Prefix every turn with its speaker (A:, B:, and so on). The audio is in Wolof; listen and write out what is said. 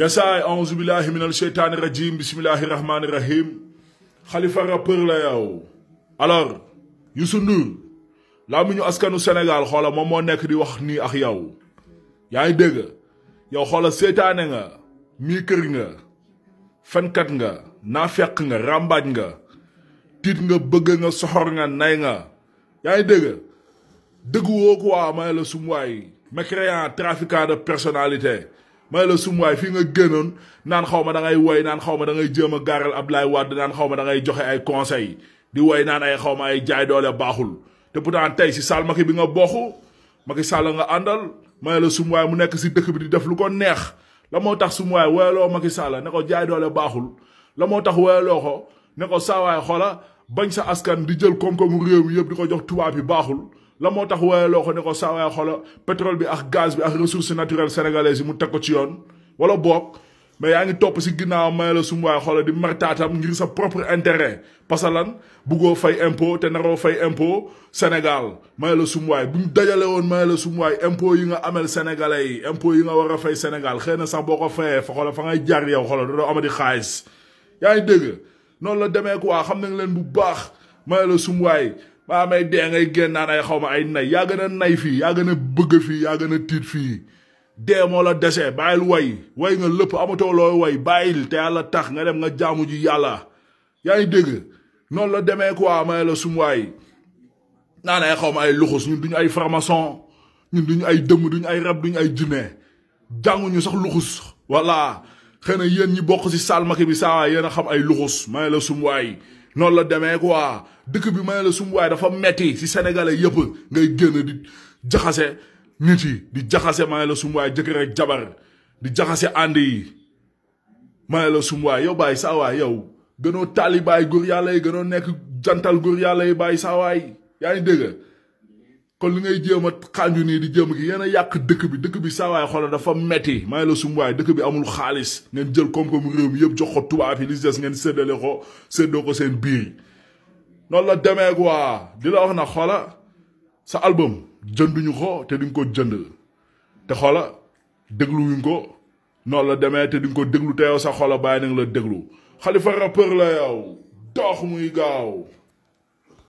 A: yasaay aouzu billahi min al sheytaani rajim bismillahi rahmaani rahim xalifa rappeur la yow alors Youssou Ndour laa mu ñu askanu Sénégal xoola moom moo nekk di wax nii ak yow yaa ngi dégg yow xoola seytaane nga mii kër nga fenkat nga naafeq nga ràmbaaj nga tiit nga bëgg nga soxor nga nay nga yaa ngi dégg dëgg woo waa may la sumuwaay mécréant trafiquant de personnalité may la sumuwaay fii nga génnoon naan xaw ma da ngay woy naan xaw ma da ngay jéem a gaaral Abdoulaye Wade naan xaw ma da joxe ay conseils di woy naan ay xawma ay jaay doole baaxul te pourtant tey si Sall Macky bi nga bokk Macky Sall nga àndal may la sumuwaay mu nekk si dëkk bi di def lu ko neex la moo tax sumuwaay woyaloo Macky Sall ne ko jaay doole baaxul la moo tax loo ko ne ko saawaay xoola bañ sa askan di jël koom-koomu réew mi yëpp di ko jox tubaab yi baaxul la moo tax wooyeloo ko ne ko saa waay xolo pétrole bi ak gaz bi ak ressources naturelles sénégalaises yi mu teg ko ci yoon wala boog mais yaa ngi topp si ginnaaw may la sum waay xolo di martaatam sa propre intérêt parce que lan buggoo fay impôt te fay impôt Sénégal may la sum waay bu ñu dajale woon may la sum waay yi nga ameel sénégalais yi impôt yi nga war a fay Sénégal xëy na sax boo ko fayee fa xolo fa ngay jaar yow xolo da doo di xaalis yaa ngi dégg noonu la demee ko waa xam nañ leen bu baax may la sum baa may dee ngay génn naan ay xaw ma ay nay yaa gën a nay fii yaa gën a bëgg fii yaa gën a tiit fii dee moo la dese bàyyil way way nga lépp amatoo looy way bàyyil te yàlla tax nga dem nga jaamu ji yàlla yaa ngi dégg noonu la demee quoi may la sum waay naan ay xaw ma ay luxus ñun duñu ay franc-maçon ñun duñu ay dëmm duñu ay rab duñu ay jinne jànguñu sax luxus voilà xëy na yéen ñi bokk ci salmaki bi saa waay yéen a xam ay luxus may la sum waay noonu la demee quoi dëkk bi ma ne la sumb waaye dafa metti si sénégalais yëpp ngay génn di jaxase nit yi di jaxase ma la sumb waaye jëkkër jabar di jaxase ànd yi ma la sumb waaye yow bàyyi saa waay yow gënoo taalibaay góor yàlla yi gënoo nekk jantal góor yàlla yi bàyyi saa waay yaa ngi dégg kon li ngay jéem a xànju nii di jéem gi yéen a yàq dëkk bi dëkk bi saawaay xoolal dafa metti may la sumbaay dëkk bi amul xaalis ngeen jël koom-koomu réew mi yëpp jox ko tubaab yi li des ngeen séddale ko seddoo ko seen biir yi noonu la demee quoi di la wax na xoola sa album jënduñu ko te duñ ko jënd te xoola dégluwuñ ko noonu la demee te duñ ko déglu te yow sa xoola bàyyi nañ la déglu xalifa rappeur la yow dox muy gaaw